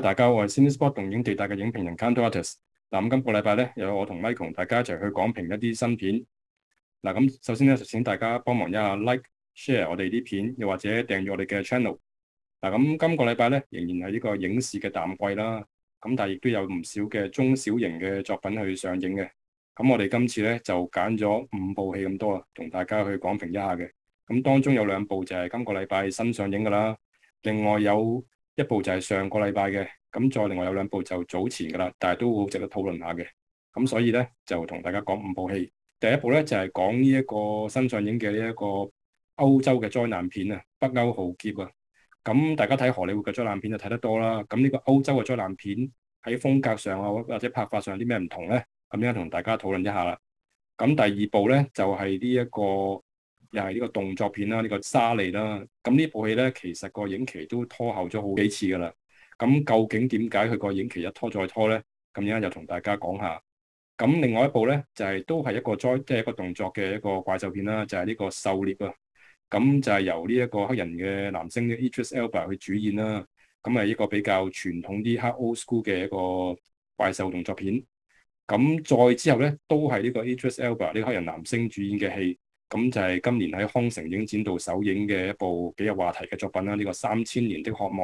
大家好，我係 Cinespot 動映地帶嘅影評人 Kantorates 嗱，咁今個禮拜咧，又有我同 Michael 大家一齊去講評一啲新片。嗱，咁首先咧，請大家幫忙一下 Like、Share 我哋啲片，又或者訂閱我哋嘅 channel。嗱，咁今個禮拜咧，仍然係呢個影視嘅淡季啦。咁但係亦都有唔少嘅中小型嘅作品去上映嘅。咁我哋今次咧就揀咗五部戲咁多呀，同大家去講評一下嘅。咁當中有兩部就係今個禮拜新上映嘅啦，另外有。一部就係上個禮拜嘅，咁再另外有兩部就早前㗎啦，但係都好值得討論下嘅。咁所以咧就同大家講五部戲。第一部咧就係講呢一個新上映嘅呢一個歐洲嘅災難片啊，北歐浩劫啊。咁大家睇荷里活嘅災難片就睇得多啦。咁呢個歐洲嘅災難片喺風格上啊，或者拍法上有啲咩唔同咧？咁而家同大家討論一下啦。咁第二部咧就係呢一個。又係呢個動作片啦，呢、這個鯊餌啦，咁呢部戲咧，其實個映期都拖後咗好幾次㗎喇。咁究竟點解佢個映期一拖再拖咧？咁而家就同大家講下。咁另外一部咧，就係、是、都係一個災，即、就、係、是、一個動作嘅一個怪獸片啦，就係、是、呢個獸獵啊。咁就係由呢一個黑人嘅男星 Idris Elba 去主演啦。咁係一個比較傳統啲黑 old school 嘅一個怪獸動作片。咁再之後咧，都係呢個 Idris Elba 呢個黑人男星主演嘅戲。咁就係今年喺康城影展度首映嘅一部幾有話題嘅作品啦、啊。呢、這個三千年的渴望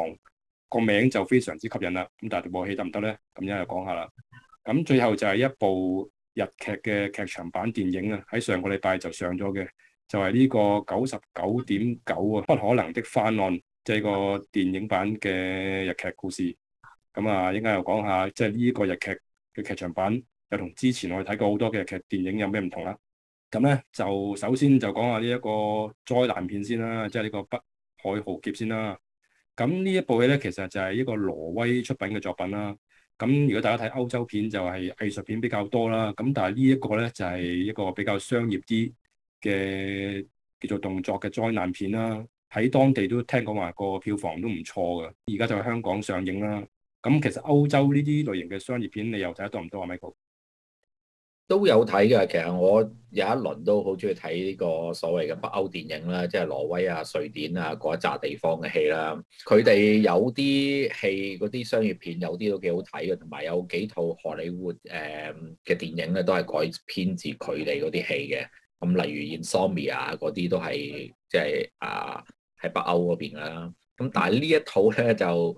個名就非常之吸引啦。咁但係部戲得唔得呢？咁一陣又講下啦。咁最後就係一部日劇嘅劇場版電影啊，喺上個禮拜就上咗嘅，就係、是、呢個九十九點九啊不可能的翻案，即、就、係、是、個電影版嘅日劇故事。咁啊，一陣又講下，即係呢個日劇嘅劇場版又同之前我哋睇過好多嘅日劇電影有咩唔同啦？咁咧就首先就講下呢一個災難片先啦，即係呢個《北海浩劫》先啦。咁呢一部戲咧，其實就係一個挪威出品嘅作品啦。咁如果大家睇歐洲片，就係藝術片比較多啦。咁但係呢一個咧，就係一個比較商業啲嘅叫做動作嘅災難片啦。喺當地都聽講話個票房都唔錯嘅。而家就喺香港上映啦。咁其實歐洲呢啲類型嘅商業片，你又睇得多唔多啊 Michael？都有睇嘅，其實我有一輪都好中意睇呢個所謂嘅北歐電影啦，即係挪威啊、瑞典啊嗰一扎地方嘅戲啦。佢哋有啲戲嗰啲商業片有啲都幾好睇嘅，同埋有幾套荷里活誒嘅電影咧都係改編自佢哋嗰啲戲嘅。咁例如《Insomnia》啊嗰啲都係即係啊喺北歐嗰邊啦。咁但係呢一套咧就。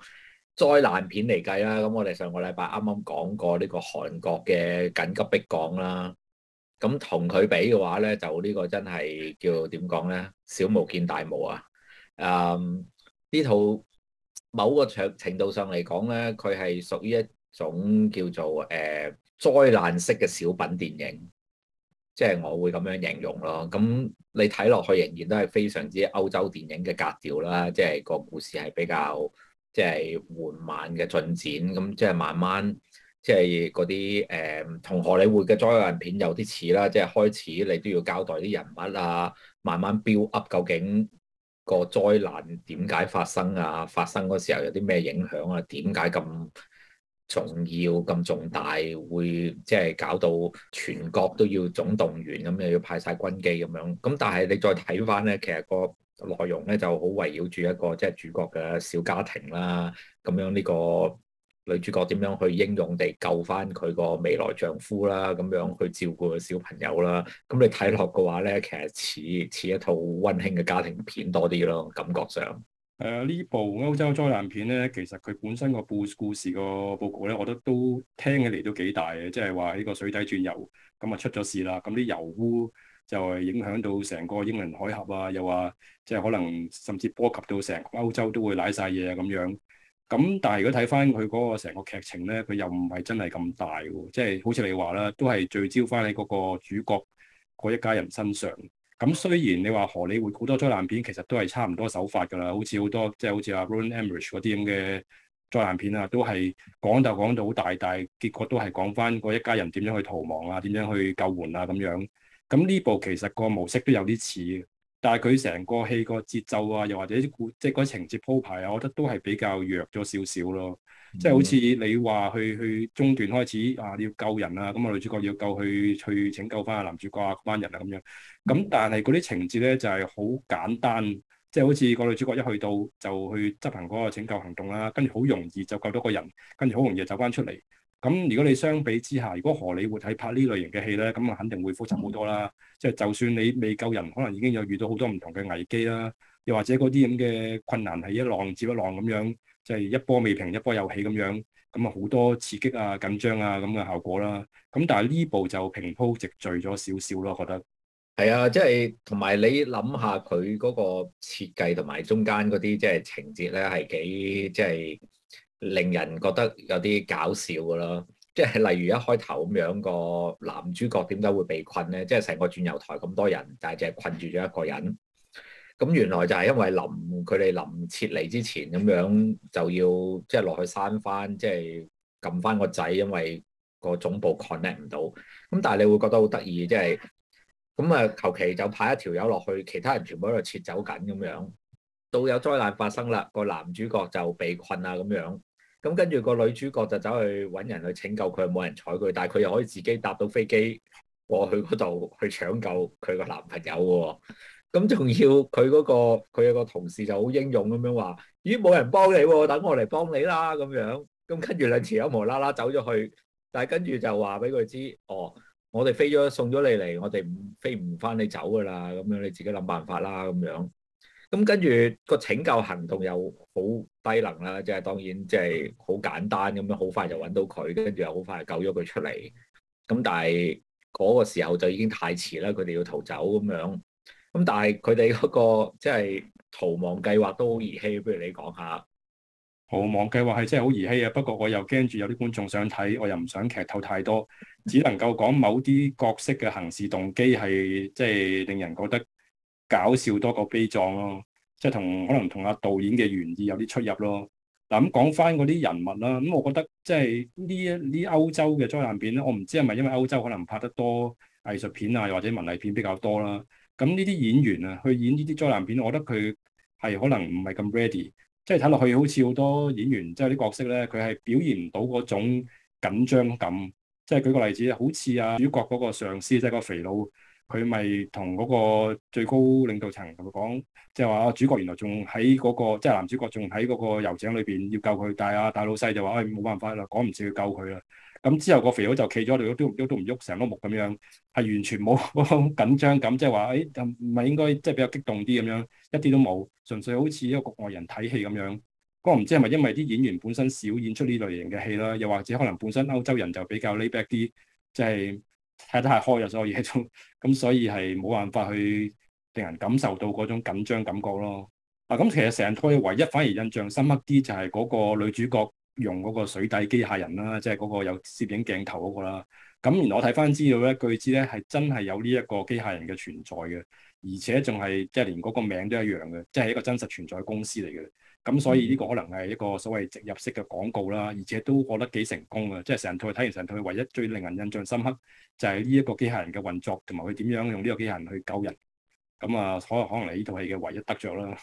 災難片嚟計啦，咁我哋上個禮拜啱啱講過呢個韓國嘅緊急迫降啦，咁同佢比嘅話咧，就呢個真係叫點講咧？小巫見大巫啊！誒、嗯，呢套某個程度上嚟講咧，佢係屬於一種叫做誒、呃、災難式嘅小品電影，即係我會咁樣形容咯。咁你睇落去仍然都係非常之歐洲電影嘅格調啦，即係個故事係比較。即係緩慢嘅進展，咁即係慢慢，即係嗰啲誒，同、呃、荷里活嘅災難片有啲似啦。即係開始你都要交代啲人物啊，慢慢 build up 究竟個災難點解發生啊？發生嗰時候有啲咩影響啊？點解咁重要咁重大會即係搞到全國都要總動員，咁又要派晒軍機咁樣。咁但係你再睇翻咧，其實個內容咧就好圍繞住一個即係主角嘅小家庭啦，咁樣呢個女主角點樣去英勇地救翻佢個未來丈夫啦，咁樣去照顧個小朋友啦，咁你睇落嘅話咧，其實似似一套溫馨嘅家庭片多啲咯，感覺上。誒、呃，呢部歐洲災難片咧，其實佢本身個故故事個佈局咧，我覺得都聽起嚟都幾大嘅，即係話呢個水底轉油咁啊出咗事啦，咁啲油污。就係影響到成個英倫海峽啊，又話即係可能甚至波及到成歐洲都會瀨晒嘢啊咁樣。咁但係如果睇翻佢嗰個成個劇情咧，佢又唔係真係咁大喎。即係好似你話啦，都係聚焦翻喺嗰個主角嗰一家人身上。咁雖然你話荷里活好多災難片其實都係差唔多手法噶啦，好似好多即係好似阿 Roland Emmerich 嗰啲咁嘅災難片啊，都係講就講到好大，但係結果都係講翻嗰一家人點樣去逃亡啊，點樣去救援啊咁樣。咁呢部其實個模式都有啲似，但係佢成個戲個節奏啊，又或者啲故即係嗰啲情節鋪排啊，我覺得都係比較弱咗少少咯。即係、嗯、好似你話去去中段開始啊，你要救人啊，咁啊女主角要救去去拯救翻個男主角啊班人啊咁樣。咁但係嗰啲情節咧就係、是、好簡單，即、就、係、是、好似個女主角一去到就去執行嗰個拯救行動啦、啊，跟住好容易就救到個人，跟住好容易就走翻出嚟。咁如果你相比之下，如果荷里活係拍呢類型嘅戲咧，咁啊肯定會複雜好多啦。即係、嗯、就算你未救人，可能已經有遇到好多唔同嘅危機啦，又或者嗰啲咁嘅困難係一浪接一浪咁樣，即係一波未平一波又起咁樣，咁啊好多刺激啊、緊張啊咁嘅效果啦。咁但係呢部就平鋪直敍咗少少咯，覺得。係啊，即係同埋你諗下佢嗰個設計同埋中間嗰啲即係情節咧，係幾即係。令人覺得有啲搞笑㗎啦，即係例如一開頭咁樣、個男主角點解會被困咧？即係成個鑽油台咁多人，但係淨係困住咗一個人。咁原來就係因為臨佢哋臨撤離之前咁樣就要即係落去閂翻，即係撳翻個掣，因為個總部 connect 唔到。咁但係你會覺得好得意，即係咁啊！求其就,就派一條友落去，其他人全部喺度撤走緊咁樣。到有災難發生啦，個男主角就被困啊咁樣。咁跟住個女主角就走去搵人去拯救佢，冇人睬佢，但係佢又可以自己搭到飛機過去嗰度去搶救佢個男朋友喎。咁仲要佢嗰個佢有個同事就好英勇咁樣話，咦冇人幫你喎，等我嚟幫你啦咁樣。咁跟住兩條友無啦啦走咗去，但係跟住就話俾佢知，哦，我哋飛咗送咗你嚟，我哋飛唔返你走噶啦，咁樣你自己諗辦法啦咁樣。咁跟住個拯救行動又好低能啦，即係當然即係好簡單咁樣，好快就揾到佢，跟住又好快救咗佢出嚟。咁但係嗰個時候就已經太遲啦，佢哋要逃走咁樣。咁但係佢哋嗰個即係逃亡計劃都好兒戲，不如你講下。逃亡計劃係真係好兒戲啊！不過我又驚住有啲觀眾想睇，我又唔想劇透太多，只能夠講某啲角色嘅行事動機係即係令人覺得搞笑多過悲壯咯，即係同可能同阿導演嘅原意有啲出入咯。嗱，咁講翻嗰啲人物啦，咁我覺得即係呢一啲歐洲嘅災難片咧，我唔知係咪因為歐洲可能拍得多藝術片啊，或者文藝片比較多啦。咁呢啲演員啊，去演呢啲災難片，我覺得佢係可能唔係咁 ready，即係睇落去好似好多演員即係啲角色咧，佢係表現唔到嗰種緊張感。即係舉個例子，好似阿主角嗰個上司，即係個肥佬。佢咪同嗰個最高領導層同佢講，即係話主角原來仲喺嗰個，即係男主角仲喺嗰個油井裏邊要救佢，但係啊大老細就話：唉，冇辦法啦，趕唔切去救佢啦。咁之後個肥佬就企咗喺度，都唔喐，都唔喐，成個木咁樣，係完全冇緊張感，即係話，哎，唔係應該即係比較激動啲咁樣，一啲都冇，純粹好似一個國外人睇戲咁樣。我唔知係咪因為啲演員本身少演出呢類型嘅戲啦，又或者可能本身歐洲人就比較 laid back 啲，即係。睇得太開啊，所有嘢都咁，所以係冇辦法去令人感受到嗰種緊張感覺咯。啊，咁其實成套戲唯一反而印象深刻啲就係嗰個女主角用嗰個水底機械人啦，即係嗰個有攝影鏡頭嗰個啦。咁原來我睇翻資料咧，據知咧係真係有呢一個機械人嘅存在嘅，而且仲係即係連嗰個名都一樣嘅，即係一個真實存在嘅公司嚟嘅。咁所以呢個可能係一個所謂植入式嘅廣告啦，而且都覺得幾成功嘅。即係成套睇完成套，唯一最令人印象深刻就係呢一個機械人嘅運作同埋佢點樣用呢個機械人去救人。咁啊，可能可能係呢套戲嘅唯一得着啦。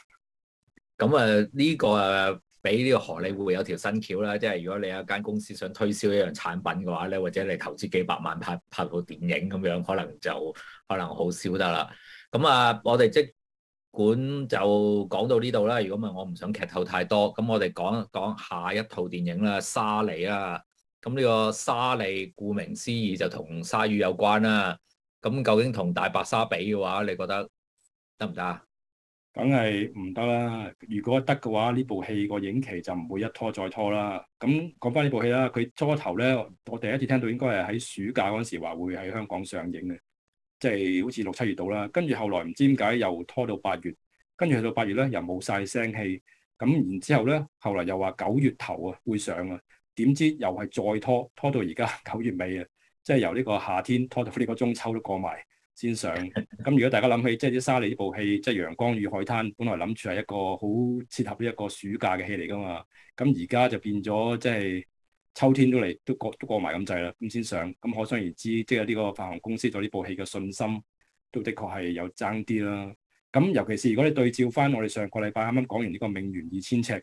咁啊、嗯，呢、這個啊～俾呢個荷里活有條新橋啦，即係如果你有一間公司想推銷一樣產品嘅話咧，或者你投資幾百萬拍拍部電影咁樣，可能就可能好少得啦。咁啊，我哋即管就講到呢度啦。如果唔係我唔想劇透太多，咁我哋講講下一套電影啦，《鯊餌》啊。咁呢個鯊餌，顧名思義就同鯊魚有關啦。咁究竟同大白鯊比嘅話，你覺得得唔得啊？梗係唔得啦！如果得嘅話，呢部戲個影期就唔會一拖再拖啦。咁講翻呢部戲啦，佢初頭咧，我第一次聽到應該係喺暑假嗰陣時話會喺香港上映嘅，即係好似六七月度啦。跟住後來唔知點解又拖到八月，跟住去到八月咧又冇晒聲氣。咁然之後咧，後來又話九月頭啊會上啊，點知又係再拖，拖到而家九月尾啊，即係由呢個夏天拖到呢個中秋都過埋。先上，咁如果大家諗起，即係啲鯊餌呢部戲，即係《陽光與海灘》，本來諗住係一個好切合到一個暑假嘅戲嚟噶嘛，咁而家就變咗，即係秋天都嚟，都過都過埋咁滯啦，咁先上，咁可想而知，即係呢個發行公司對呢部戲嘅信心，都的確係有爭啲啦。咁尤其是如果你對照翻我哋上個禮拜啱啱講完呢個《命懸二千尺》，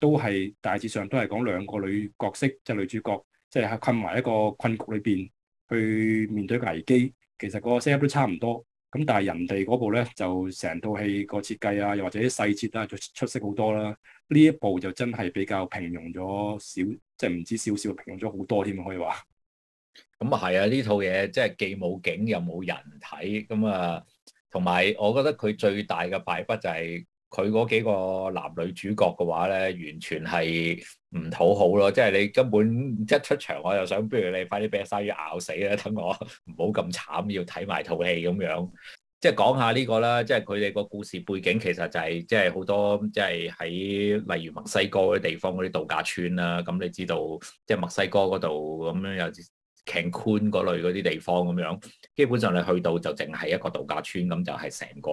都係大致上都係講兩個女角色，即係女主角，即係困埋一個困局裏邊去面對個危機。其實個 set 都差唔多，咁但係人哋嗰部咧就成套戲個設計啊，又或者啲細節啊，就出色好多啦。呢一部就真係比較平庸咗少，即係唔止少少，平庸咗好多添，可以話。咁啊係啊，呢套嘢即係既冇景又冇人睇，咁啊，同埋我覺得佢最大嘅敗筆就係、是。佢嗰幾個男女主角嘅話咧，完全係唔討好咯。即係你根本一出場，我就想，不如你快啲俾隻鯊魚咬死啦，等我唔好咁慘，要睇埋套戲咁樣。即係講下呢個啦，即係佢哋個故事背景其實就係、是、即係好多，即係喺例如墨西哥嗰啲地方嗰啲度假村啦、啊。咁你知道，即係墨西哥嗰度咁樣又 Cancun 嗰類嗰啲地方咁樣，基本上你去到就淨係一個度假村咁，就係成個，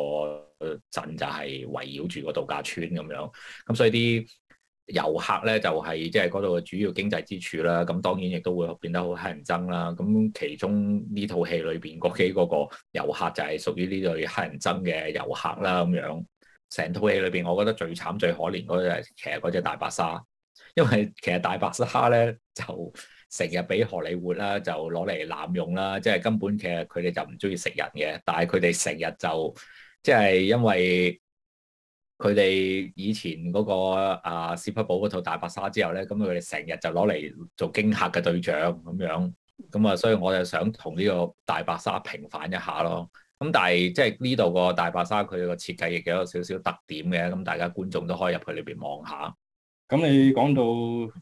鎮就係圍繞住個度假村咁樣，咁所以啲遊客咧就係即係嗰度嘅主要經濟支柱啦。咁當然亦都會變得好乞人憎啦。咁其中呢套戲裏邊嗰幾嗰個遊客就係屬於呢類乞人憎嘅遊客啦。咁樣成套戲裏邊，我覺得最慘最可憐嗰隻係，其實嗰隻大白鯊，因為其實大白鯊咧就成日俾荷里活啦，就攞嚟濫用啦，即係根本其實佢哋就唔中意食人嘅，但係佢哋成日就。即係因為佢哋以前嗰個啊史匹堡嗰套大白鯊之後咧，咁佢哋成日就攞嚟做驚嚇嘅對象咁樣，咁啊，所以我就想同呢個大白鯊平反一下咯。咁但係即係呢度個大白鯊佢個設計亦有少少特點嘅，咁大家觀眾都可以入去裏邊望下。咁你講到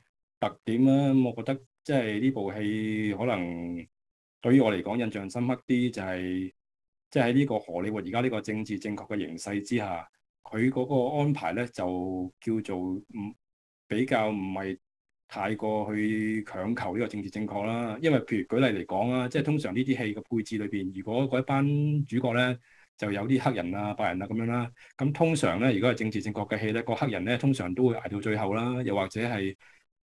特點啦，我覺得即係呢部戲可能對於我嚟講印象深刻啲就係。即係喺呢個荷里活而家呢個政治正確嘅形勢之下，佢嗰個安排咧就叫做唔比較唔係太過去強求呢個政治正確啦。因為譬如舉例嚟講啦，即係通常呢啲戲嘅配置裏邊，如果嗰一班主角咧就有啲黑人啊、白人啊咁樣啦，咁通常咧，如果係政治正確嘅戲咧，個黑人咧通常都會捱到最後啦，又或者係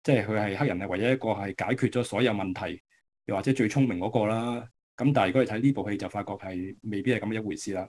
即係佢係黑人係唯一一個係解決咗所有問題，又或者最聰明嗰個啦。咁但係如果你睇呢部戲就發覺係未必係咁樣一回事啦。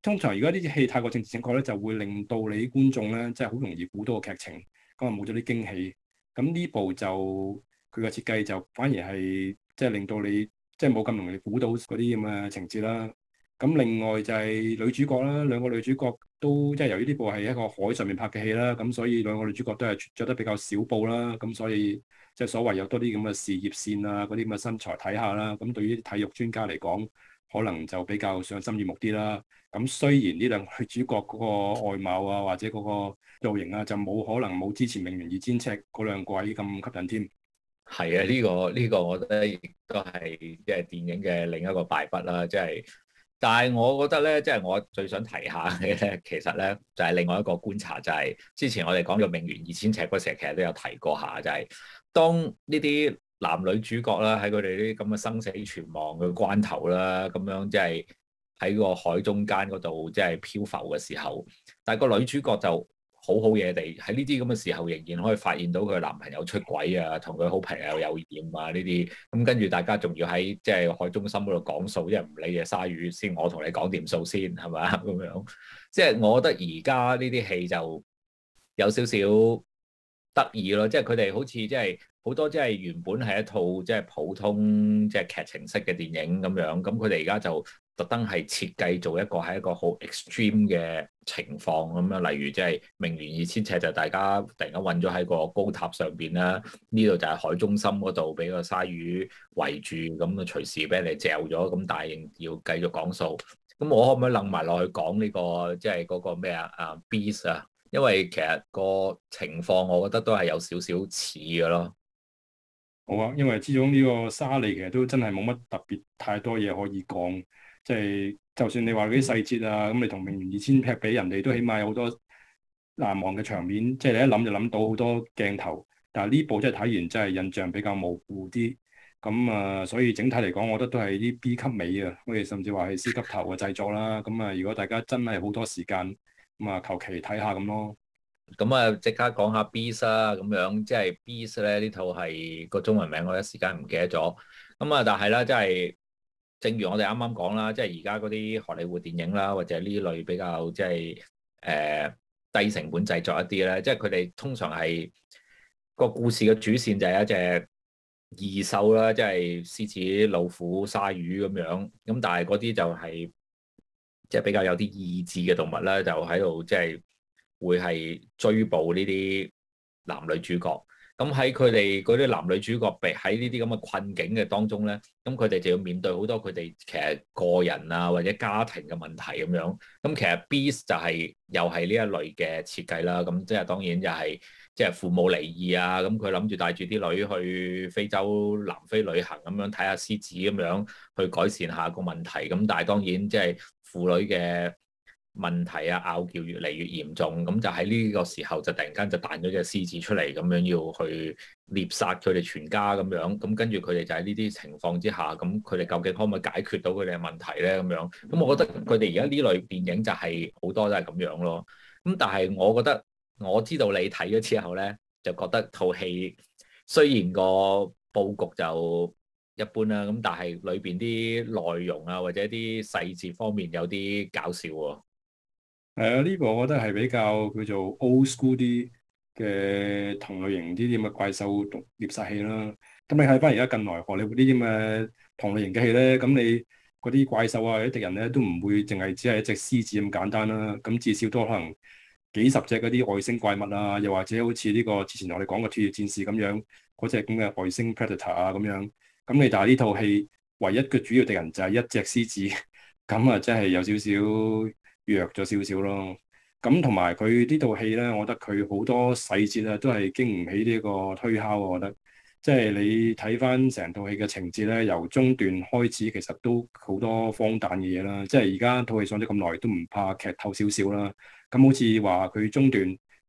通常如果呢啲戲太過政治正確咧，就會令到你觀眾咧，即係好容易估到個劇情，咁啊冇咗啲驚喜。咁呢部就佢個設計就反而係即係令到你即係冇咁容易估到嗰啲咁嘅情節啦。咁另外就係女主角啦，兩個女主角。都即係由於呢部係一個海上面拍嘅戲啦，咁所以兩個女主角都係着得比較少布啦，咁所以即係所謂有多啲咁嘅事業線啊，嗰啲咁嘅身材睇下啦。咁對於體育專家嚟講，可能就比較賞心悅目啲啦。咁雖然呢兩個女主角嗰個外貌啊，或者嗰個造型啊，就冇可能冇之前《明雲二千尺》嗰兩鬼咁吸引添。係啊，呢個，呢個我覺得亦都係即係電影嘅另一個敗筆啦，即係。但係我覺得咧，即係我最想提下嘅咧，其實咧就係另外一個觀察，就係之前我哋講咗《命懸二千尺》嗰時，其實都有提過下，就係當呢啲男女主角啦，喺佢哋啲咁嘅生死存亡嘅關頭啦，咁樣即係喺個海中間嗰度即係漂浮嘅時候，但係個女主角就，好好嘢地喺呢啲咁嘅時候，仍然可以發現到佢男朋友出軌啊，同佢好朋友有染啊呢啲。咁跟住大家仲要喺即係海中心嗰度講數，即係唔理嘅鯊魚先，我同你講掂數先，係咪啊？咁樣即係我覺得而家呢啲戲就有少少得意咯。即係佢哋好似即係好多即係原本係一套即係普通即係、就是、劇情式嘅電影咁樣，咁佢哋而家就。特登係設計做一個係一個好 extreme 嘅情況咁樣，例如即係明年二千尺就大家突然間揾咗喺個高塔上邊啦，呢度就係海中心嗰度俾個鯊魚圍住，咁啊隨時俾人嚟嚼咗，咁但係要繼續講數。咁我可唔可以冧埋落去講呢個即係嗰個咩啊啊 beast 啊？因為其實個情況我覺得都係有少少似嘅咯。好啊，因為之總呢個鯊餌其實都真係冇乜特別太多嘢可以講。即係、就是，就算你話嗰啲細節啊，咁你同《明媛二千》劈俾人哋，都起碼有好多難忘嘅場面。即、就、係、是、你一諗就諗到好多鏡頭。但係呢部真係睇完真係印象比較模糊啲。咁啊，所以整體嚟講，我覺得都係啲 B 級尾啊，我哋甚至話係 C 級頭嘅製作啦。咁啊，如果大家真係好多時間，咁啊求其睇下咁咯。咁啊，即刻講下 Beast，《就是、Beast》啦。咁樣即係《Beast》咧，呢套係個中文名，我一時間唔記得咗。咁啊，但係咧，即係。正如我哋啱啱講啦，即係而家嗰啲荷里活電影啦，或者呢類比較即係誒低成本製作一啲咧，即係佢哋通常係個故事嘅主線就係一隻異獸啦，即係獅子、老虎、鯊魚咁樣。咁但係嗰啲就係即係比較有啲意志嘅動物啦，就喺度即係會係追捕呢啲男女主角。咁喺佢哋嗰啲男女主角，被喺呢啲咁嘅困境嘅當中咧，咁佢哋就要面對好多佢哋其實個人啊或者家庭嘅問題咁樣。咁其實 Beast 就係、是、又係呢一類嘅設計啦。咁即係當然又係即係父母離異啊。咁佢諗住帶住啲女去非洲南非旅行，咁樣睇下獅子咁樣，去改善下個問題。咁但係當然即係父女嘅。問題啊，拗撬越嚟越嚴重，咁就喺呢個時候就突然間就彈咗隻獅子出嚟，咁樣要去獵殺佢哋全家咁樣，咁跟住佢哋就喺呢啲情況之下，咁佢哋究竟可唔可以解決到佢哋嘅問題咧？咁樣，咁我覺得佢哋而家呢類電影就係、是、好多都係咁樣咯。咁但係我覺得我知道你睇咗之後咧，就覺得套戲雖然個佈局就一般啦、啊，咁但係裏邊啲內容啊或者啲細節方面有啲搞笑喎、啊。係啊，呢部我覺得係比較叫做 old school 啲嘅同類型啲咁嘅怪獸獵殺器啦。咁你睇翻而家近來，荷里活呢啲咁嘅同類型嘅戲咧，咁你嗰啲怪獸啊、啲敵人咧都唔會淨係只係一隻獅子咁簡單啦、啊。咁至少都可能幾十隻嗰啲外星怪物啊，又或者好似呢個之前我哋講嘅《鐵血戰士》咁樣嗰隻咁嘅外星 Predator 啊咁樣。咁你但係呢套戲唯一嘅主要敵人就係一隻獅子，咁啊，即係有少少。弱咗少少咯，咁同埋佢呢套戲咧，我覺得佢好多細節咧都係經唔起呢個推敲，我覺得，即係你睇翻成套戲嘅情節咧，由中段開始，其實都好多荒誕嘅嘢啦。即係而家套戲上咗咁耐，都唔怕劇透少少啦。咁好似話佢中段，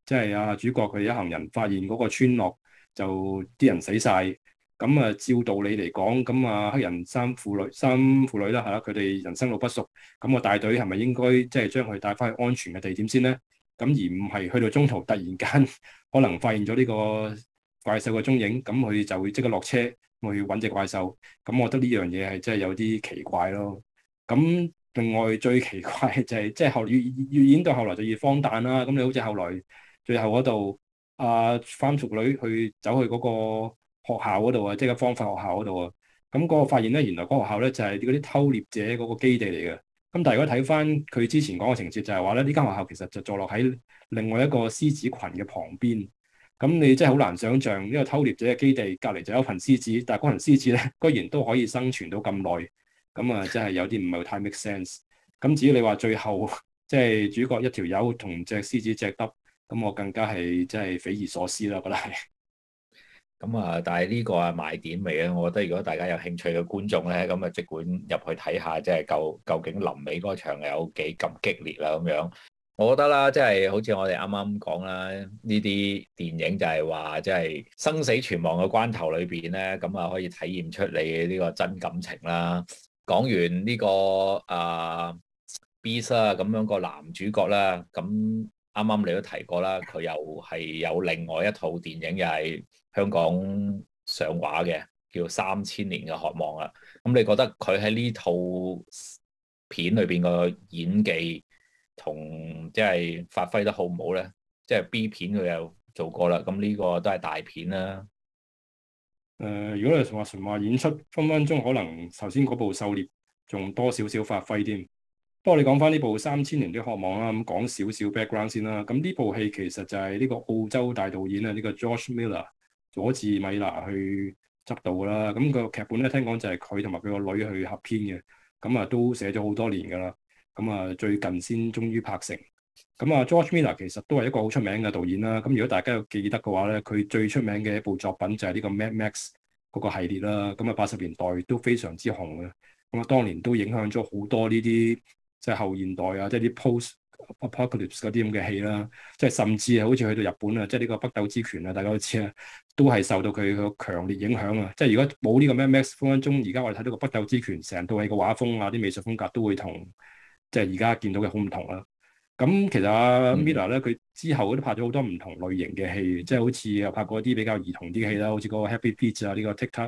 即係阿主角佢一行人發現嗰個村落，就啲人死晒。咁啊，照道理嚟講，咁啊黑人三父女三父女啦嚇，佢哋人生路不熟，咁個大隊係咪應該即係將佢帶翻去安全嘅地點先咧？咁而唔係去到中途突然間可能發現咗呢個怪獸嘅蹤影，咁佢就會即刻落車去揾隻怪獸。咁我覺得呢樣嘢係真係有啲奇怪咯。咁另外最奇怪就係即係後越，越演到後來就越荒誕啦。咁你好似後來最後嗰度啊番淑女去走去嗰個。學校嗰度啊，即係個方法學校嗰度啊，咁嗰個發現咧，原來嗰學校咧就係嗰啲偷獵者嗰個基地嚟嘅。咁但係如果睇翻佢之前講嘅情節，就係話咧呢間學校其實就坐落喺另外一個獅子群嘅旁邊。咁你真係好難想象，呢個偷獵者嘅基地隔籬就有一群獅子，但係嗰群獅子咧居然都可以生存到咁耐。咁啊，真係有啲唔係太 make sense。咁至於你話最後即係、就是、主角一條友同隻獅子隻得，咁我更加係真係匪夷所思啦，我覺得係。咁啊！但係呢個啊賣點未啊？我覺得如果大家有興趣嘅觀眾咧，咁啊即管入去睇下，即係究究竟臨尾嗰場有幾咁激烈啦咁樣。我覺得啦，即係好似我哋啱啱講啦，呢啲電影就係話，即係生死存亡嘅關頭裏邊咧，咁啊可以體驗出你嘅呢個真感情啦。講完呢個啊 Beast 啊咁樣個男主角啦，咁啱啱你都提過啦，佢又係有另外一套電影又係。香港上畫嘅叫《三千年嘅渴望》啊，咁你覺得佢喺呢套片裏邊個演技同即係發揮得好唔好咧？即係 B 片佢又做過啦，咁呢個都係大片啦、啊。誒、呃，如果你話純話演出分分鐘可能頭先嗰部《獸獵》仲多少少發揮添。不過你講翻呢部《三千年的渴望》啦、嗯，咁講少少 background 先啦。咁呢部戲其實就係呢個澳洲大導演啊，呢、呢個 George Miller。佐治米拿去執導啦，咁個劇本咧聽講就係佢同埋佢個女去合編嘅，咁啊都寫咗好多年㗎啦，咁啊最近先終於拍成，咁啊 George Miller 其實都係一個好出名嘅導演啦，咁如果大家要記得嘅話咧，佢最出名嘅一部作品就係呢個 Mad Max 嗰個系列啦，咁啊八十年代都非常之紅嘅，咁啊當年都影響咗好多呢啲即係後現代啊，即係啲 Post。Apocalypse 嗰啲咁嘅戲啦，即係甚至係，好似去到日本啊，即係呢個北斗之拳啊，大家都知啊，都係受到佢個強烈影響啊！即係如果冇呢個咩 Max，分分鐘而家我哋睇到個北斗之拳成套戲個畫風啊，啲美術風格都會同，即係而家見到嘅好唔同啦。咁其實阿 Miller 咧，佢之後都拍咗好多唔同類型嘅戲，嗯、即係好似又拍過啲比較兒童啲嘅戲啦，好似嗰個 Happy Feet 啊，呢、這個 Tikka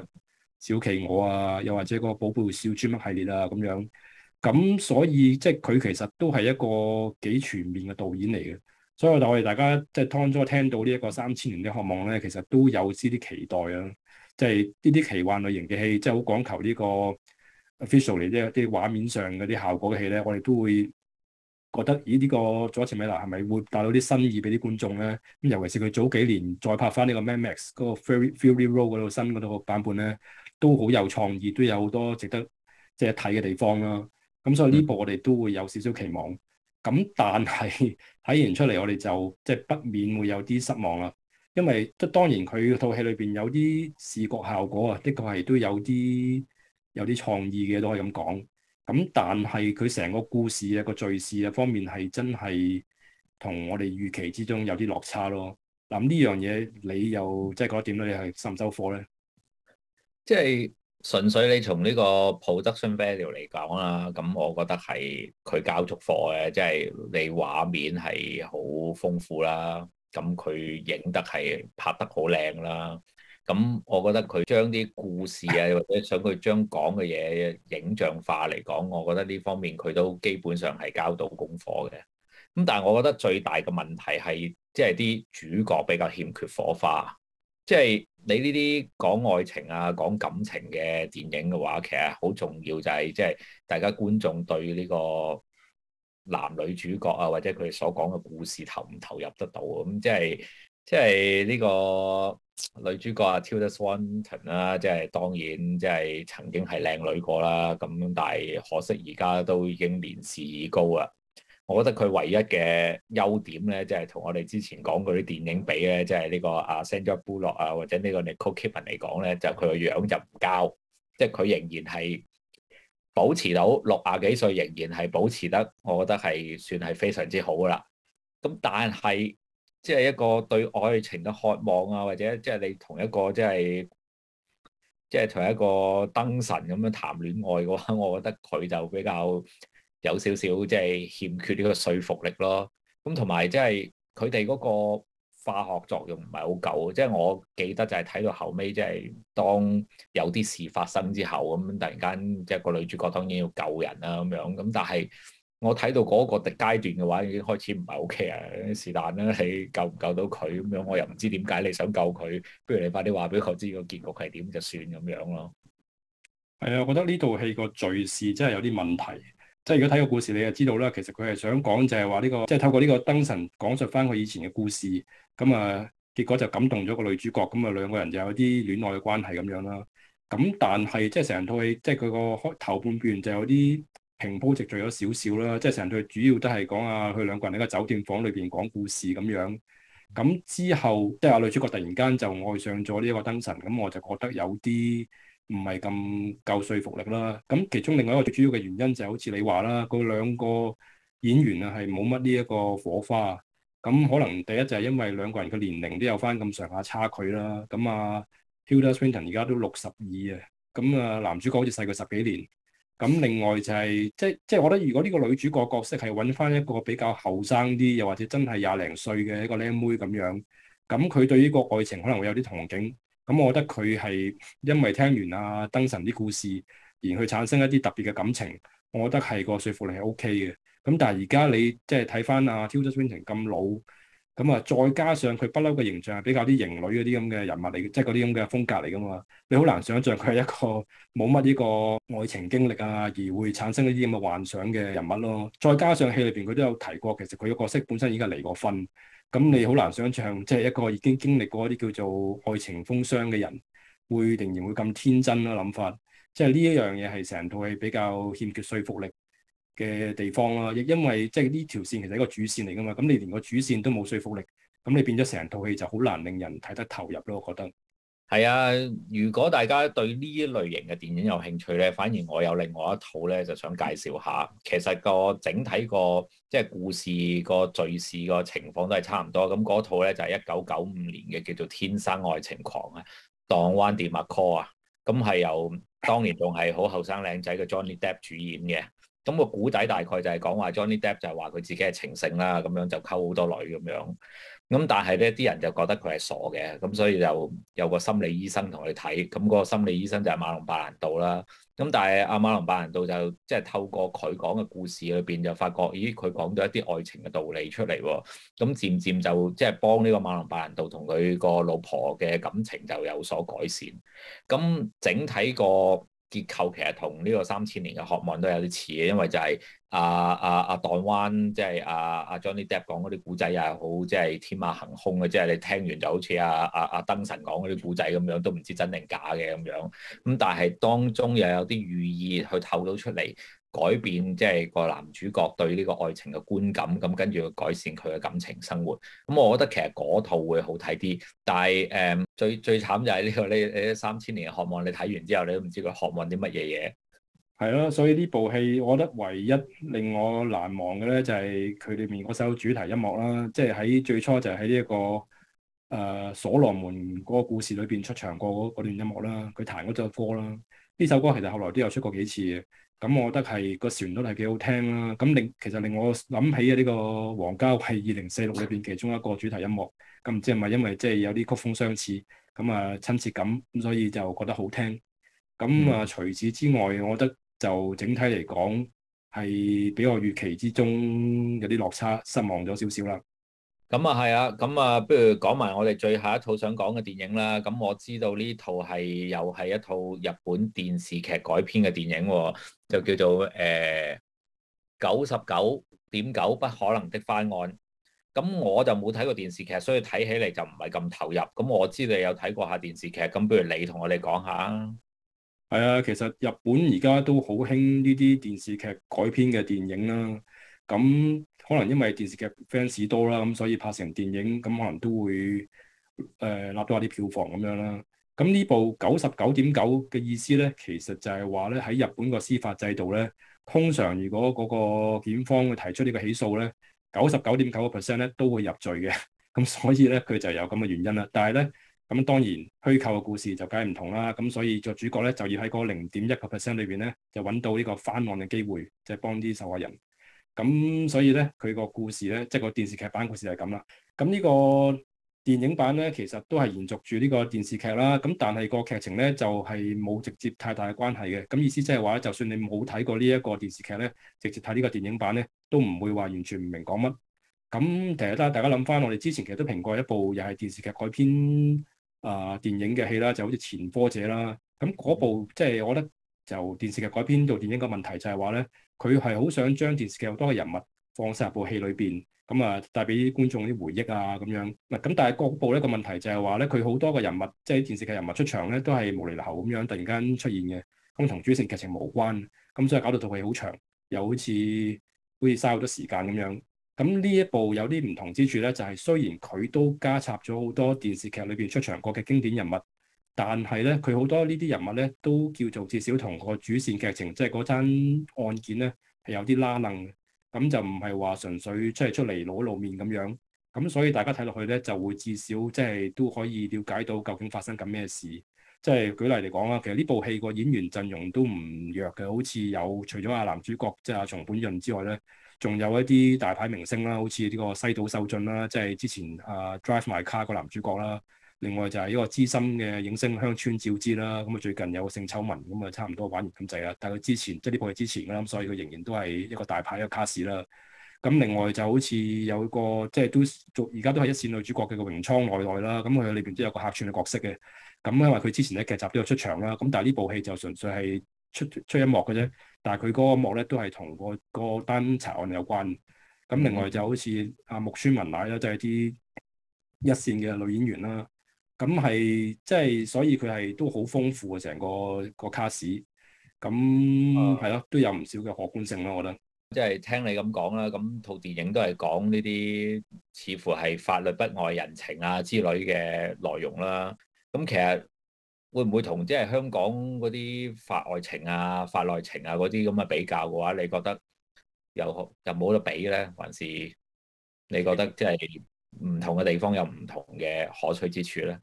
小企鵝啊，又或者個寶貝小豬嘜系列啊咁樣。咁所以即係佢其實都係一個幾全面嘅導演嚟嘅，所以我哋大家即係當初聽到呢一個三千年的渴望咧，其實都有啲啲期待啊！即係呢啲奇幻類型嘅戲，即係好講求呢個 official 嚟，即係啲畫面上嗰啲效果嘅戲咧，我哋都會覺得，咦呢個佐治米拿啦？係咪會帶到啲新意俾啲觀眾咧？咁尤其是佢早幾年再拍翻呢個《Man Max》嗰個《Fury Fury Road》嗰個新嗰個版本咧，都好有創意，都有好多值得即係睇嘅地方咯～咁、嗯、所以呢部我哋都會有少少期望，咁但係睇完出嚟我哋就即係、就是、不免會有啲失望啦。因為即係當然佢套戲裏邊有啲視覺效果啊，的確係都有啲有啲創意嘅，都可以咁講。咁但係佢成個故事啊、個敘事啊方面係真係同我哋預期之中有啲落差咯。嗱、啊、呢樣嘢你又、嗯、即係覺得點咧，你係收唔收貨咧？即係。純粹你從呢個 production value 嚟講啦，咁我覺得係佢交足課嘅，即係你畫面係好豐富啦，咁佢影得係拍得好靚啦，咁我覺得佢將啲故事啊，或者想佢將講嘅嘢，影像化嚟講，我覺得呢方面佢都基本上係交到功課嘅。咁但係我覺得最大嘅問題係，即係啲主角比較欠缺火花。即係你呢啲講愛情啊、講感情嘅電影嘅話，其實好重要就係即係大家觀眾對呢個男女主角啊，或者佢哋所講嘅故事投唔投入得到。咁即係即係呢個女主角啊，Tilda Swinton 啦，即係當然即係曾經係靚女過啦，咁但係可惜而家都已經年事已高啦。我覺得佢唯一嘅優點咧，即係同我哋之前講嗰啲電影比咧，即係呢個阿 Sandra Bullock 啊，或者個呢個 Nicole Kidman 嚟講咧，就佢個樣就唔交。即係佢仍然係保持到六十幾歲，仍然係保持得，我覺得係算係非常之好啦。咁但係即係一個對愛情嘅渴望啊，或者即係你同一個即係即係同一個燈神咁樣談戀愛嘅話，我覺得佢就比較。有少少即係欠缺呢個說服力咯，咁同埋即係佢哋嗰個化學作用唔係好夠，即、就、係、是、我記得就係睇到後尾，即係當有啲事發生之後，咁突然間即係個女主角當然要救人啦咁樣，咁但係我睇到嗰個階段嘅話已經開始唔係 OK a 是但啦，你救唔救到佢咁樣，我又唔知點解你想救佢，不如你快啲話俾佢知個結局係點就算咁樣咯。係啊，我覺得呢套戲個敘事真係有啲問題。即係如果睇個故事，你就知道啦。其實佢係想講就係話呢個，即係透過呢個燈神講述翻佢以前嘅故事。咁啊，結果就感動咗個女主角。咁啊，兩個人就有啲戀愛嘅關係咁樣啦。咁但係即係成套戲，即係佢個開頭半段就有啲平鋪直敍咗少少啦。即係成套主要都係講啊，佢兩個人喺個酒店房裏邊講故事咁樣。咁之後，即係啊女主角突然間就愛上咗呢一個燈神。咁我就覺得有啲。唔係咁夠說服力啦。咁其中另外一個最主要嘅原因就係好似你話啦，嗰兩個演員啊係冇乜呢一個火花。咁可能第一就係因為兩個人嘅年齡都有翻咁上下差距啦。咁啊，Tilda Swinton 而家都六十二啊，咁啊男主角好似細佢十幾年。咁另外就係，即即係我覺得如果呢個女主角角色係揾翻一個比較後生啲，又或者真係廿零歲嘅一個僆妹咁樣，咁佢對呢個愛情可能會有啲憧憬。咁我覺得佢係因為聽完啊燈神啲故事，而去產生一啲特別嘅感情。我覺得係個說服力係 OK 嘅。咁但係而家你即係睇翻啊，Tilda Swinton 咁老。咁啊，再加上佢不嬲嘅形象係比較啲型女嗰啲咁嘅人物嚟，即係嗰啲咁嘅風格嚟噶嘛，你好難想象佢係一個冇乜呢個愛情經歷啊，而會產生一啲咁嘅幻想嘅人物咯。再加上戲裏邊佢都有提過，其實佢嘅角色本身已經係離過婚，咁你好難想象即係一個已經經歷過一啲叫做愛情風霜嘅人，會仍然會咁天真咯諗法。即係呢一樣嘢係成套戲比較欠缺說服力嘅地方咯。啊，亦因為即係呢條線其實係一個主線嚟噶嘛，咁你連個主線都冇說服力，咁你變咗成套戲就好難令人睇得投入咯。我覺得係啊，如果大家對呢一類型嘅電影有興趣咧，反而我有另外一套咧，就想介紹下。其實個整體個即係故事個敘事個情況都係差唔多。咁嗰套咧就係一九九五年嘅叫做《天生愛情狂》啊，《 當灣電話 call》啊，咁係由當年仲係好後生靚仔嘅 Johnny Depp 主演嘅。咁個古仔大概就係講話 Johnny Depp 就係話佢自己係情聖啦，咁樣就溝好多女咁樣。咁但係咧，啲人就覺得佢係傻嘅，咁所以就有個心理醫生同佢睇。咁、那個心理醫生就係馬龍白蘭度啦。咁但係阿馬龍白蘭度就即係、就是、透過佢講嘅故事裏邊就發覺，咦佢講咗一啲愛情嘅道理出嚟喎。咁漸漸就即係、就是、幫呢個馬龍白蘭度同佢個老婆嘅感情就有所改善。咁整體個結構其實同呢個三千年嘅渴望都有啲似，因為就係阿阿阿當彎，即係阿阿 Johnny Depp 講嗰啲古仔又係好即係天馬行空嘅，即係你聽完就好似阿阿阿燈神講嗰啲古仔咁樣，都唔知真定假嘅咁樣。咁但係當中又有啲寓意去透到出嚟。改變即係個男主角對呢個愛情嘅觀感，咁跟住去改善佢嘅感情生活。咁、嗯、我覺得其實嗰套會好睇啲。但係誒、嗯，最最慘就係呢、呢個呢呢三千年嘅渴望，你睇完之後你都唔知佢渴望啲乜嘢嘢。係咯、啊，所以呢部戲我覺得唯一令我難忘嘅咧，就係佢裏面嗰首主題音樂啦。即係喺最初就喺呢一個誒所、呃、羅門嗰個故事裏邊出場過嗰段音樂啦，佢彈嗰首歌啦。呢首歌其實後來都有出過幾次嘅。咁我覺得係個旋律係幾好聽啦。咁令其實令我諗起啊呢個《皇家》係二零四六裏邊其中一個主題音樂。咁唔知係咪因為即係有啲曲風相似，咁啊親切感，咁所以就覺得好聽。咁啊除此之外，我覺得就整體嚟講係比我預期之中有啲落差，失望咗少少啦。.咁啊，係啊，咁啊，不如講埋我哋最後一套想講嘅電影啦。咁我知道呢套係又係一套日本電視劇改編嘅電影，啊，就叫做《誒九十九點九不可能的翻案》。咁我就冇睇過電視劇，所以睇起嚟就唔係咁投入。咁我知你有睇過下電視劇，咁不如你同我哋講下啊。係啊，其實日本而家都好興呢啲電視劇改編嘅電影啦，啊。咁可能因為電視劇 fans 多啦，咁所以拍成電影咁，可能都會誒攬、呃、到下啲票房咁樣啦。咁呢部九十九點九嘅意思咧，其實就係話咧喺日本個司法制度咧，通常如果嗰個檢方會提出呢個起訴咧，九十九點九個 percent 咧都會入罪嘅。咁所以咧佢就有咁嘅原因啦。但係咧，咁當然虛構嘅故事就梗係唔同啦。咁所以作主角咧就要喺嗰零點一個 percent 裏邊咧，就揾到呢個翻案嘅機會，即係幫啲受害人。咁所以咧，佢個故事咧，即係個電視劇版故事係咁啦。咁呢個電影版咧，其實都係延續住呢個電視劇啦。咁但係個劇情咧，就係、是、冇直接太大嘅關係嘅。咁意思即係話，就算你冇睇過呢一個電視劇咧，直接睇呢個電影版咧，都唔會話完全唔明講乜。咁其實大家諗翻，我哋之前其實都評過一部又係電視劇改編啊、呃、電影嘅戲啦，就好似《前科者》啦。咁嗰部即係、就是、我覺得就電視劇改編做電影嘅問題就係話咧。佢係好想將電視劇好多嘅人物放晒入部戲裏邊，咁啊帶俾啲觀眾啲回憶啊咁樣。唔，咁，但係各部咧個問題就係話咧，佢好多嘅人物，即係電視劇人物出場咧，都係無厘頭咁樣，突然間出現嘅，咁同主線劇情無關，咁所以搞到套戲好長，又好似好似嘥好多時間咁樣。咁呢一部有啲唔同之處咧，就係雖然佢都加插咗好多電視劇裏邊出場過嘅經典人物。但係咧，佢好多呢啲人物咧，都叫做至少同個主線劇情，即係嗰單案件咧，係有啲拉能嘅。咁就唔係話純粹即係出嚟攞露，露面咁樣。咁所以大家睇落去咧，就會至少即係都可以了解到究竟發生緊咩事。即係舉例嚟講啦，其實呢部戲個演員陣容都唔弱嘅，好似有除咗阿男主角即係阿松本潤之外咧，仲有一啲大牌明星啦，好似呢個西島秀俊啦，即係之前啊 Drive My Car 個男主角啦。另外就係一個資深嘅影星香川照之啦，咁啊最近有個性醜聞，咁啊差唔多玩完咁滯啦。但係佢之前即係呢部戲之前啦，所以佢仍然都係一個大牌嘅卡士啦。咁另外就好似有個即係都做而家都係一線女主角嘅個榮倉奈奈啦，咁佢裏邊都有個客串嘅角色嘅。咁因為佢之前喺劇集都有出場啦，咁但係呢部戲就純粹係出出一幕嘅啫。但係佢嗰一幕咧都係同、那個個單查案有關。咁另外就好似阿木村文乃啦，即係啲一線嘅女演員啦。咁係即係，所以佢係都好豐富嘅成個個卡士。咁係咯，都有唔少嘅可觀性咯。我覺得即係聽你咁講啦。咁套電影都係講呢啲似乎係法律不外人情啊之類嘅內容啦。咁其實會唔會同即係香港嗰啲法外情啊、法內情啊嗰啲咁嘅比較嘅話，你覺得有又冇得比咧，還是你覺得即係唔同嘅地方有唔同嘅可取之處咧？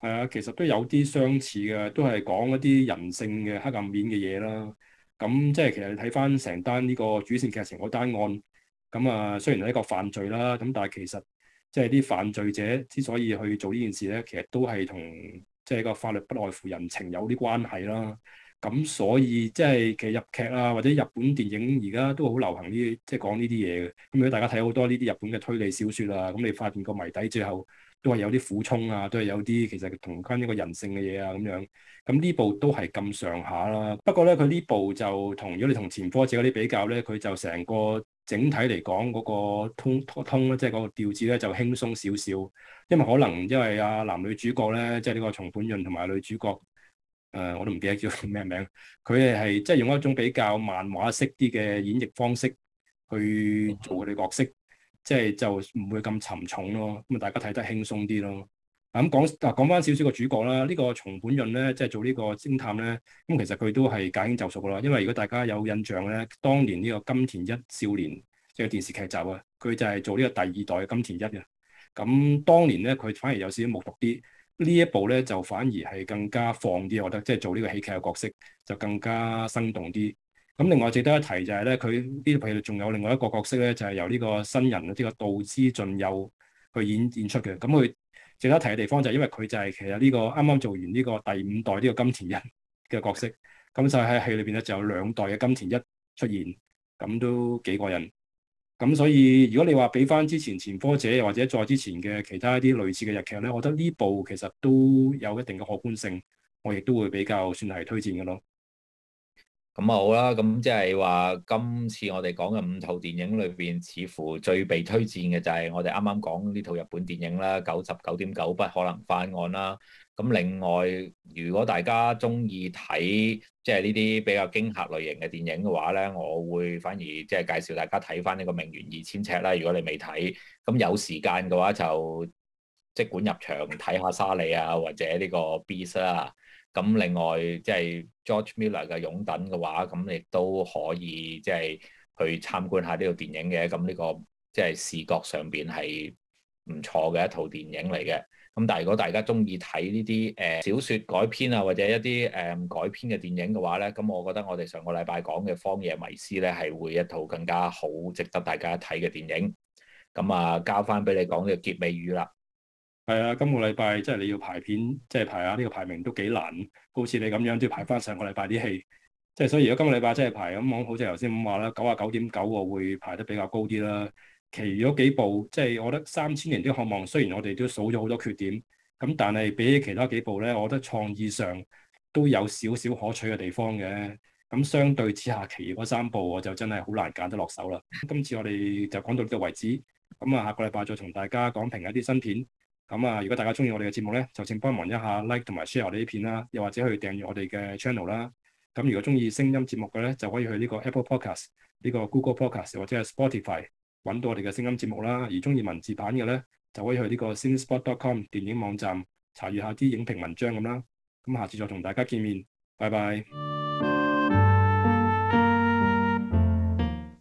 係啊，其實都有啲相似嘅，都係講一啲人性嘅黑暗面嘅嘢啦。咁即係其實你睇翻成單呢個主線劇情，嗰單案，咁、嗯、啊雖然係一個犯罪啦，咁但係其實即係啲犯罪者之所以去做呢件事咧，其實都係同即係個法律不外乎人情有啲關係啦。咁、嗯、所以即係其實日劇啊或者日本電影而家都好流行呢，即係講呢啲嘢嘅。咁、嗯、如果大家睇好多呢啲日本嘅推理小說啊，咁、嗯、你發現個謎底最後。都係有啲苦衷啊，都係有啲其實同跟呢個人性嘅嘢啊咁樣。咁呢部都係咁上下啦。不過咧，佢呢部就同如果你同前科者嗰啲比較咧，佢就成個整體嚟講嗰個通通咧，即係嗰個調子咧就輕鬆少少。因為可能因為啊男女主角咧，即係呢個松本潤同埋女主角，誒、呃、我都唔記得叫咩名。佢係係即係用一種比較漫畫式啲嘅演繹方式去做佢哋角色。即係就唔會咁沉重咯，咁啊大家睇得輕鬆啲咯。咁、啊、講啊講翻少少個主角啦，呢、這個松本潤咧，即係做呢個偵探咧，咁其實佢都係駕輕就熟噶啦。因為如果大家有印象咧，當年呢個金田一少年即係、就是、電視劇集啊，佢就係做呢個第二代嘅金田一啊。咁當年咧佢反而有少少木獨啲，呢一部咧就反而係更加放啲，我覺得即係做呢個喜劇嘅角色就更加生動啲。咁另外值得一提就係咧，佢呢部戲仲有另外一個角色咧，就係由呢個新人呢、呢個道枝駿佑去演演出嘅。咁佢值得一提嘅地方就係因為佢就係其實呢個啱啱做完呢個第五代呢個金田一嘅角色，咁就喺戲裏邊咧就有兩代嘅金田一出現，咁都幾過癮。咁所以如果你話比翻之前前科者，或者再之前嘅其他一啲類似嘅日劇咧，我覺得呢部其實都有一定嘅可觀性，我亦都會比較算係推薦嘅咯。咁啊好啦，咁即係話今次我哋講嘅五套電影裏邊，似乎最被推薦嘅就係我哋啱啱講呢套日本電影啦，九十九點九不可能翻案啦。咁另外，如果大家中意睇即係呢啲比較驚嚇類型嘅電影嘅話咧，我會反而即係介紹大家睇翻呢個命懸二千尺啦。如果你未睇，咁有時間嘅話就即管入場睇下沙莉啊，或者呢個 Beast 啊。咁另外即係、就是、George Miller 嘅《勇盃》嘅話，咁亦都可以即係去參觀下呢套電影嘅。咁呢個即係視覺上邊係唔錯嘅一套電影嚟嘅。咁但係如果大家中意睇呢啲誒小説改編啊，或者一啲誒、呃、改編嘅電影嘅話咧，咁我覺得我哋上個禮拜講嘅《荒野迷斯》咧係會一套更加好值得大家睇嘅電影。咁啊，交翻俾你講嘅、這個、結尾語啦。係啊，今個禮拜即係你要排片，即係排下呢個排名都幾難。好似你咁樣，都要排翻上個禮拜啲戲。即係所以，如果今個禮拜即係排咁、嗯，好似頭先咁話啦，九啊九點九個會排得比較高啲啦。其餘嗰幾部，即係我覺得《三千年》啲渴望，雖然我哋都數咗好多缺點，咁但係比起其他幾部咧，我覺得創意上都有少少可取嘅地方嘅。咁相對之下，其餘嗰三部我就真係好難揀得落手啦。今次我哋就講到呢度為止。咁啊，下個禮拜再同大家講評一啲新片。咁啊，如果大家中意我哋嘅節目咧，就請幫忙一下 like 同埋 share 呢啲片啦，又或者去訂閱我哋嘅 channel 啦。咁如果中意聲音節目嘅咧，就可以去呢個 Apple Podcast、呢個 Google Podcast 或者係 Spotify 搵到我哋嘅聲音節目啦。而中意文字版嘅咧，就可以去呢個 Cinespot.com 電影網站查閱下啲影評文章咁啦。咁下次再同大家見面，拜拜。